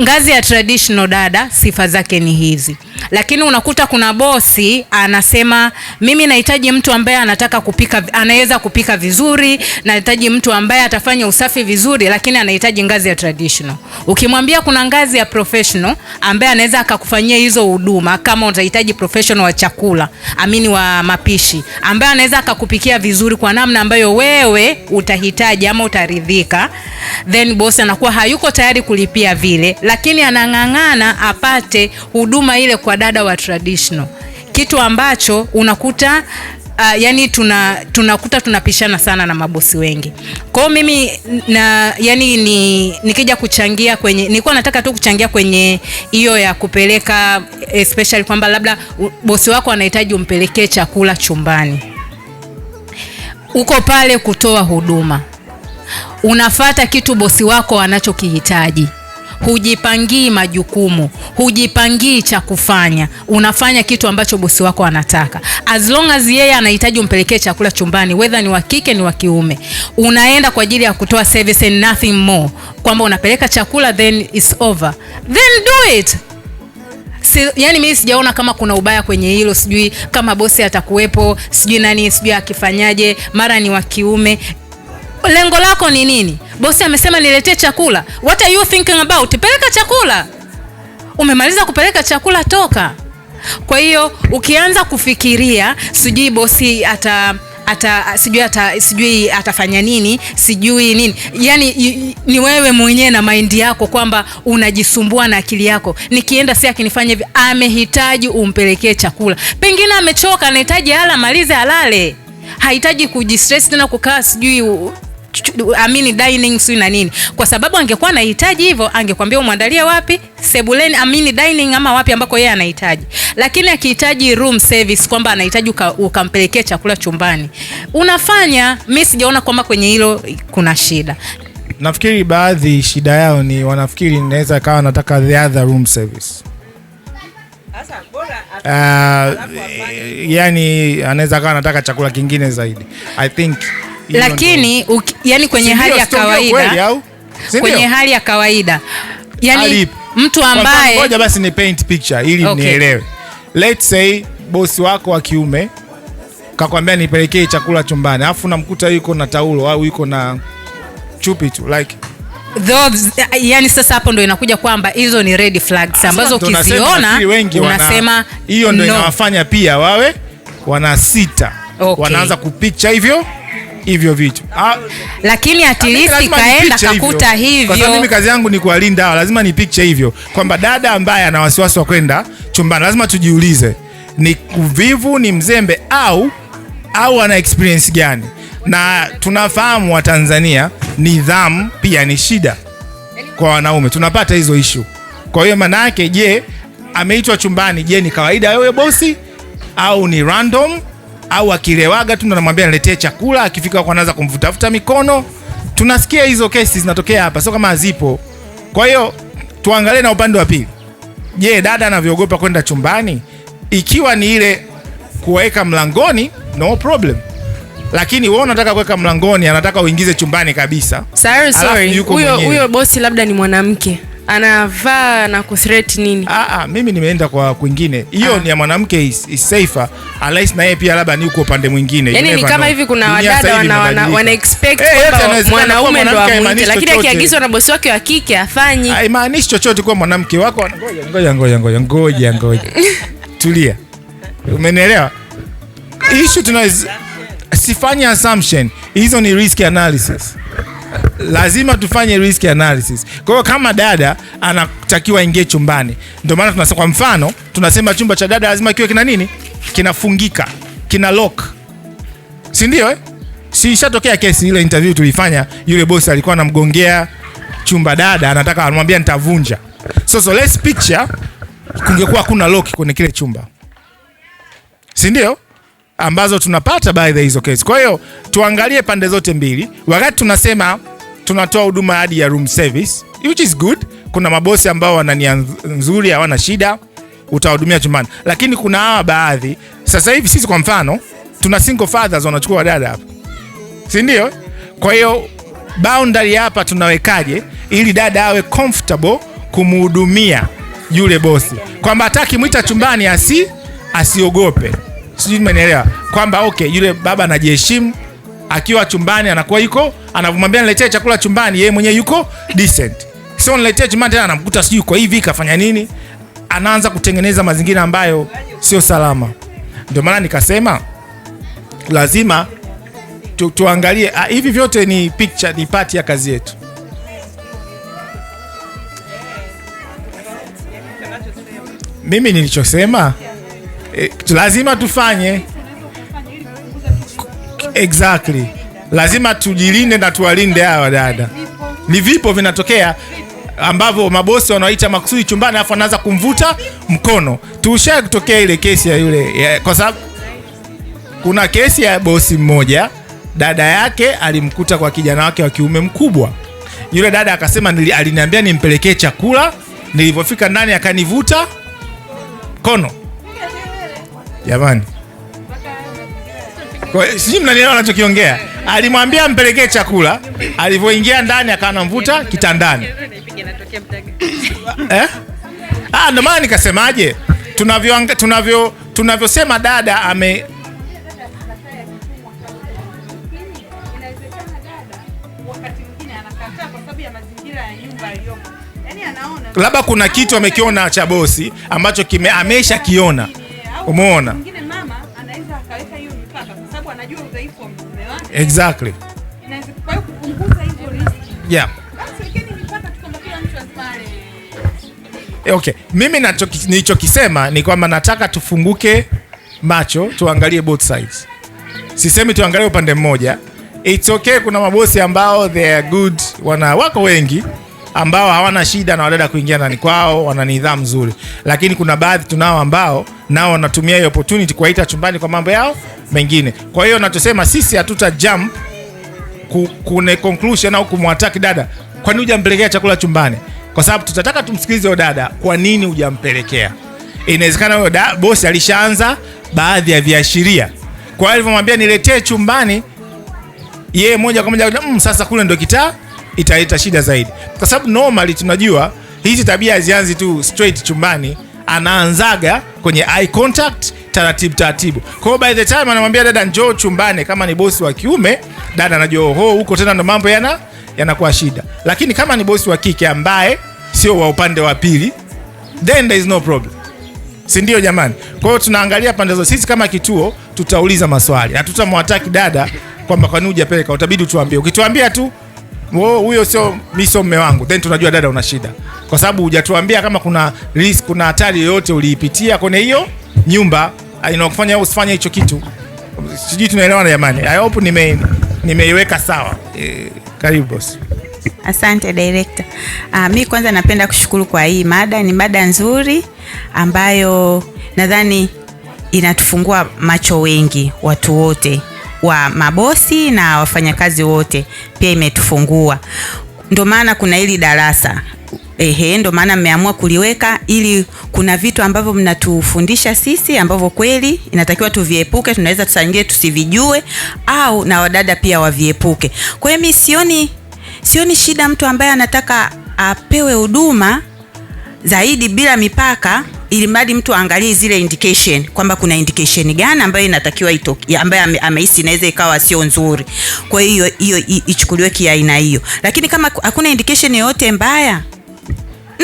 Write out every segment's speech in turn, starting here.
ngazi ya traditional dada, sifa zake ni hizi, lakini unakuta kuna bosi anasema mimi nahitaji mtu ambaye anataka kupika, anaweza kupika vizuri, nahitaji mtu ambaye atafanya usafi vizuri, lakini anahitaji ngazi ya traditional. Ukimwambia kuna ngazi ya professional ambaye anaweza akakufanyia hizo huduma, kama utahitaji professional wa chakula, amini wa mapishi, ambaye anaweza akakupikia vizuri kwa namna ambayo wewe utahitaji ama utaridhika, then bosi anakuwa hayuko tayari kulipia vile lakini anang'ang'ana apate huduma ile kwa dada wa traditional, kitu ambacho unakuta Uh, yani tuna tunakuta tunapishana sana na mabosi wengi. kwao mimi na yani ni nikija kuchangia kwenye nilikuwa nataka tu kuchangia kwenye hiyo ya kupeleka especially kwamba labda bosi wako anahitaji umpelekee chakula chumbani. Uko pale kutoa huduma. Unafata kitu bosi wako anachokihitaji hujipangii majukumu, hujipangii cha kufanya, unafanya kitu ambacho bosi wako anataka. As long as yeye anahitaji umpelekee chakula chumbani, whether ni wa kike ni wa kiume, unaenda kwa ajili ya kutoa service and nothing more, kwamba unapeleka chakula then it's over, then do it. Si, yani mimi sijaona kama kuna ubaya kwenye hilo, sijui kama bosi atakuwepo, sijui nani, sijui akifanyaje, mara ni wa kiume. Lengo lako ni nini? bosi amesema niletee chakula. What are you thinking about? Peleka chakula. Umemaliza kupeleka chakula, toka. Kwa hiyo ukianza kufikiria sijui bosi ata ata sijui ata sijui atafanya nini sijui nini, yani ni wewe mwenyewe na maindi yako, kwamba unajisumbua na akili yako. Nikienda si akinifanya hivi, amehitaji umpelekee chakula, pengine amechoka, anahitaji hala malize, halale, hahitaji kujistress tena kukaa sijui amini dining sio na nini, kwa sababu angekuwa anahitaji hivyo angekwambia umwandalie wapi, sebuleni, amini dining ama wapi ambako yeye anahitaji. Lakini akihitaji room service kwamba anahitaji uka, ukampelekea chakula chumbani, unafanya. sijaona kwamba kwenye hilo kuna shida. Nafikiri baadhi shida yao ni wanafikiri naweza kawa nataka the other room service Uh, yani anaweza kawa anataka chakula kingine zaidi I think lakini u, yani kwenye hali ya kawaida kwenye hali ya kawaida yani mtu ambaye ngoja basi ni paint picture ili okay. nielewe. Let's say bosi wako wa kiume kakwambia nipelekee chakula chumbani, alafu namkuta yuko na taulo au yuko na chupi tu like Those, yani sasa hapo ndo inakuja kwamba hizo ni red flags ambazo ukiziona unasema hiyo ndo no. Inawafanya pia wawe wanasita okay. Wanaanza kupicha hivyo hivyo vitu ah, lakini atilisi ah, kaenda kakuta hivyo. Kwa sababu mimi kazi yangu ni kuwalinda hawa, lazima ni picture hivyo kwamba dada ambaye ana wasiwasi wa kwenda chumbani, lazima tujiulize ni kuvivu, ni mzembe au au ana experience gani? Na tunafahamu wa Tanzania nidhamu pia ni shida kwa wanaume, tunapata hizo issue. Kwa hiyo maana yake, je, ameitwa chumbani, je ni kawaida wewe bosi au ni random au akilewaga tu ndo namwambia niletee chakula, akifika kwa anaanza kumvutafuta mikono. Tunasikia hizo kesi zinatokea hapa, sio kama hazipo. Kwa hiyo tuangalie na upande wa pili. Je, dada anavyoogopa kwenda chumbani, ikiwa ni ile kuweka mlangoni, no problem lakini wewe unataka kuweka mlangoni, anataka uingize chumbani kabisa. Sorry, sorry. Huyo huyo bosi labda ni mwanamke anavaa na kuthreat nini? Aa, ah, ah, mimi nimeenda kwa kwingine, hiyo ah. ni ya mwanamke is safer, unless na yeye pia labda ni uko upande mwingine. Yani ni kama hivi kuna wadada wana, wana, wana expect hey, eh, kwamba mwanaume ndo amuite, lakini akiagizwa na bosi wake wa kike afanyi. Haimaanishi chochote kwa mwanamke wako. Ngoja ngoja ngoja ngoja ngoja ngoja, tulia, umenielewa? Issue tunaz sifanye assumption hizo, ni risk analysis lazima tufanye risk analysis. Kwa hiyo kama dada anatakiwa ingie chumbani, ndio maana tunasema, kwa mfano tunasema chumba cha dada lazima kiwe kina nini, kinafungika, kina lock, si ndio eh? Si ishatokea kesi ile interview tulifanya, yule bosi alikuwa anamgongea chumba dada, anataka anamwambia nitavunja. So, so let's picture kungekuwa kuna lock kwenye kile chumba, si ndio? ambazo tunapata baadhi ya hizo kesi. Kwa hiyo tuangalie pande zote mbili, wakati tunasema tunatoa huduma hadi ya room service which is good. Kuna mabosi ambao wana nia nzuri, hawana shida, utawahudumia chumbani, lakini kuna hawa baadhi. Sasa hivi sisi kwa mfano tuna single fathers wanachukua wadada hapa, si ndio? Kwa hiyo boundary hapa tunawekaje ili dada awe comfortable kumhudumia yule bosi, kwamba ataki chumbani asi asiogope sijui nimenielewa kwamba okay, yule baba anajiheshimu akiwa chumbani anakuwa yuko anamwambia niletee chakula chumbani, yeye mwenyewe yuko decent. Sio niletee chumbani tena anamkuta sijui uko hivi kafanya nini, anaanza kutengeneza mazingira ambayo sio salama. Ndio maana nikasema lazima tu, tuangalie ah, hivi vyote ni picture, ni pati ya kazi yetu. Mimi nilichosema eh, lazima tufanye exactly, lazima tujilinde na tuwalinde hawa dada. Ni vipo vinatokea ambavyo mabosi wanaita makusudi chumbani, afu anaanza kumvuta mkono. Tusha kutokea ile kesi ya yule ya, kwa sababu kuna kesi ya bosi mmoja dada yake alimkuta kwa kijana wake wa kiume mkubwa. Yule dada akasema aliniambia nimpelekee chakula, nilivyofika ndani akanivuta mkono Jamani, sijui mnanielewa anachokiongea. Alimwambia mpelekee chakula, alivyoingia ndani akawa anamvuta kitandani. Eh? Ah, ndio maana nikasemaje, tunavyo tunavyo tunavyosema dada ame labda kuna kitu amekiona cha bosi ambacho kime amesha kiona Umeona? Exactly. Yeah. Eh, okay. Mimi nilichokisema ni kwamba nataka tufunguke macho tuangalie both sides. Sisemi tuangalie upande mmoja. It's okay, kuna mabosi ambao they are good, wana wako wengi ambao hawana shida na wadada kuingia ndani kwao, wana nidhamu nzuri, lakini kuna baadhi tunao ambao nao wanatumia hiyo opportunity kuwaita chumbani kwa mambo yao mengine. Kwa hiyo natusema sisi hatuta jump kune conclusion au kumwataki dada, kwani hujampelekea chakula chumbani, kwa sababu tutataka tumsikilize huyo dada, kwa nini hujampelekea. Inawezekana huyo bosi alishaanza baadhi ya viashiria, kwa hiyo alivyomwambia niletee chumbani, yeye moja kwa moja mmm, sasa kule ndo kitaa italeta shida zaidi, kwa sababu normally tunajua hizi tabia hazianzi tu straight chumbani anaanzaga kwenye eye contact taratibu taratibu. Kwa hiyo by the time anamwambia dada njoo chumbani, kama ni bosi wa kiume dada anajua oho, huko tena ndo mambo yana yanakuwa shida, lakini kama ni bosi wa kike ambaye sio wa upande wa pili, then there is no problem, si ndio jamani? Kwa hiyo tunaangalia pande zote. Sisi kama kituo tutauliza maswali, hatutamwataki dada kwamba kwani hujapeleka. Utabidi tuambie, ukituambia tu huyo sio miso mme wangu, then tunajua dada una shida kwa sababu hujatuambia kama kuna risk, kuna hatari yoyote uliipitia kwenye hiyo nyumba ah, inakufanya usifanye hicho kitu. Sijui tunaelewana jamani? I hope nime nimeiweka sawa. E, karibu boss. Asante director. Uh, mi kwanza napenda kushukuru kwa hii mada, ni mada nzuri ambayo nadhani inatufungua macho wengi, watu wote wa mabosi na wafanyakazi wote pia imetufungua. Ndio maana kuna hili darasa Ehe, ndo maana mmeamua kuliweka ili kuna vitu ambavyo mnatufundisha sisi ambavyo kweli inatakiwa tuviepuke, tunaweza tusangie tusivijue, au na wadada pia waviepuke. Kwa hiyo mimi sioni sioni shida mtu ambaye anataka apewe huduma zaidi bila mipaka, ili mradi mtu aangalie zile indication kwamba kuna indication gani ambayo inatakiwa itoke, ambayo amehisi inaweza ikawa sio nzuri. Kwa hiyo hiyo ichukuliwe kiaina hiyo, lakini kama hakuna indication yoyote mbaya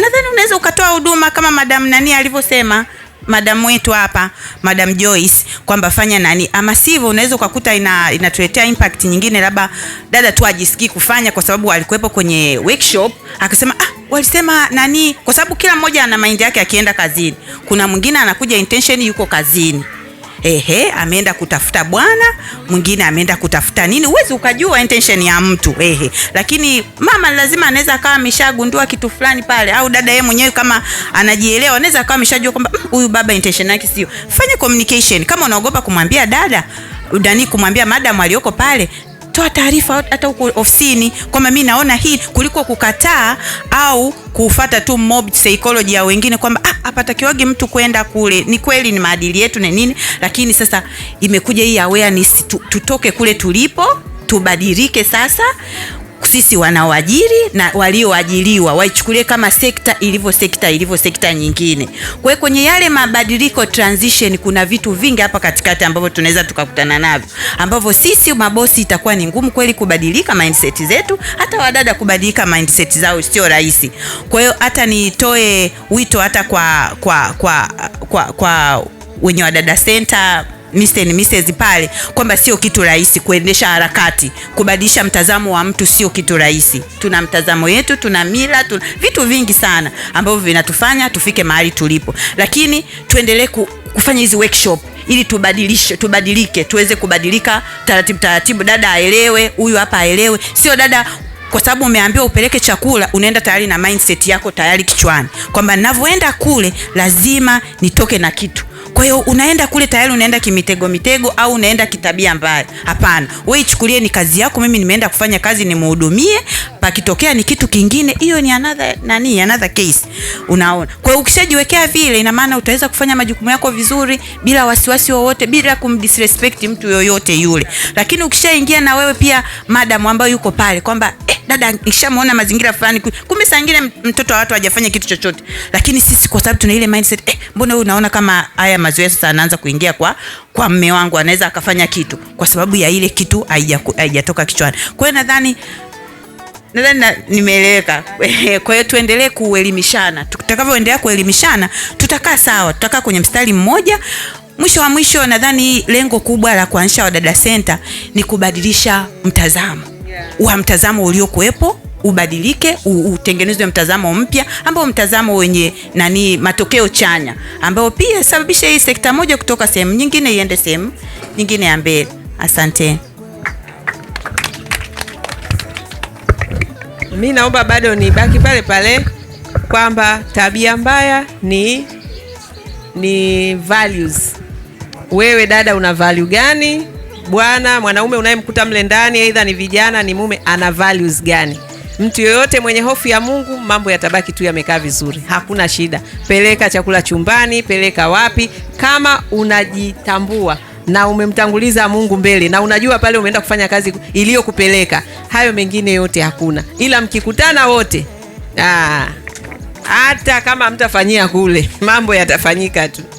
nadhani unaweza ukatoa huduma kama madam nani alivyosema madam wetu hapa madam Joyce kwamba fanya nani, ama sivyo unaweza ukakuta ina, inatuletea impact nyingine, labda dada tu ajisikii kufanya kwa sababu alikuwepo kwenye workshop akasema ah, walisema nani, kwa sababu kila mmoja ana mind yake akienda kazini. Kuna mwingine anakuja intention yuko kazini ehe, ameenda kutafuta bwana mwingine, ameenda kutafuta nini, uwezi ukajua intention ya mtu ehe. Lakini mama lazima anaweza akawa ameshagundua kitu fulani pale, au dada yeye mwenyewe kama anajielewa, anaweza akawa ameshajua kwamba mm, huyu baba intention yake sio. Fanya communication. Kama unaogopa kumwambia dada udani kumwambia madam aliyoko pale, kutoa taarifa hata huko ofisini kwamba mimi naona hii, kuliko kukataa au kufata tu mob psychology ya wengine kwamba ah, hapatakiwagi mtu kwenda kule. Ni kweli ni maadili yetu na nini, lakini sasa imekuja hii awareness, tutoke kule tulipo tubadilike sasa sisi wanaoajiri na walioajiriwa waichukulie kama sekta ilivyo sekta ilivyo sekta nyingine. Kwa hiyo kwenye yale mabadiliko transition, kuna vitu vingi hapa katikati ambavyo tunaweza tukakutana navyo ambavyo sisi mabosi itakuwa ni ngumu kweli kubadilika mindset zetu, hata wadada kubadilika mindset zao sio rahisi. Kwa hiyo hata nitoe wito hata kwa, kwa, kwa, kwa, kwa wenye Wadada Center Mr. na Mrs. pale kwamba sio kitu rahisi kuendesha harakati, kubadilisha mtazamo wa mtu sio kitu rahisi. Tuna mtazamo yetu, tuna mila, tuna vitu vingi sana ambavyo vinatufanya tufike mahali tulipo, lakini tuendelee kufanya hizi workshop ili tubadilishe, tubadilike, tuweze kubadilika taratibu taratibu, dada aelewe, huyu hapa aelewe, sio dada kwa sababu umeambiwa upeleke chakula, unaenda tayari na mindset yako tayari kichwani kwamba ninavyoenda kule lazima nitoke na kitu kwa hiyo unaenda kule tayari unaenda kimitego mitego au unaenda kitabia mbaya. Hapana, wewe ichukulie ni kazi yako, mimi nimeenda kufanya kazi nimhudumie, pakitokea ni kitu kingine, hiyo ni another nani, another case. Unaona? Kwa hiyo ukishajiwekea vile, ina maana utaweza kufanya majukumu yako vizuri bila wasiwasi wowote, bila kumdisrespect mtu yoyote yule. Lakini ukishaingia na wewe pia madam ambayo yuko pale kwamba eh, dada nishamuona mazingira fulani, kumbe saa nyingine mtoto wa watu hajafanya kitu chochote, lakini sisi kwa sababu tuna ile mindset eh, mbona huyu naona kama haya mazoea sasa anaanza kuingia kwa kwa mme wangu, anaweza akafanya kitu kwa sababu ya ile kitu haijatoka kichwani. Kwa hiyo nadhani nadhani na, nimeeleweka. Kwa hiyo tuendelee kuelimishana, tutakavyoendelea kuelimishana tutakaa sawa, tutakaa kwenye mstari mmoja. Mwisho wa mwisho, nadhani lengo kubwa la kuanzisha Wadada Center ni kubadilisha mtazamo wa mtazamo uliokuwepo ubadilike, utengenezwe mtazamo mpya ambao mtazamo wenye nani, matokeo chanya ambayo pia sababisha hii sekta moja kutoka sehemu nyingine iende sehemu nyingine ya mbele. Asante. Mi naomba bado baki pale pale kwamba tabia mbaya ni ni values. Wewe dada, una value gani? bwana mwanaume unayemkuta mle ndani, aidha ni vijana, ni mume, ana values gani? Mtu yoyote mwenye hofu ya Mungu, mambo yatabaki tu yamekaa vizuri, hakuna shida. Peleka chakula chumbani, peleka wapi, kama unajitambua na umemtanguliza Mungu mbele na unajua pale umeenda kufanya kazi iliyokupeleka, hayo mengine yote hakuna. Ila mkikutana wote, ah, hata kama mtafanyia kule, mambo yatafanyika tu.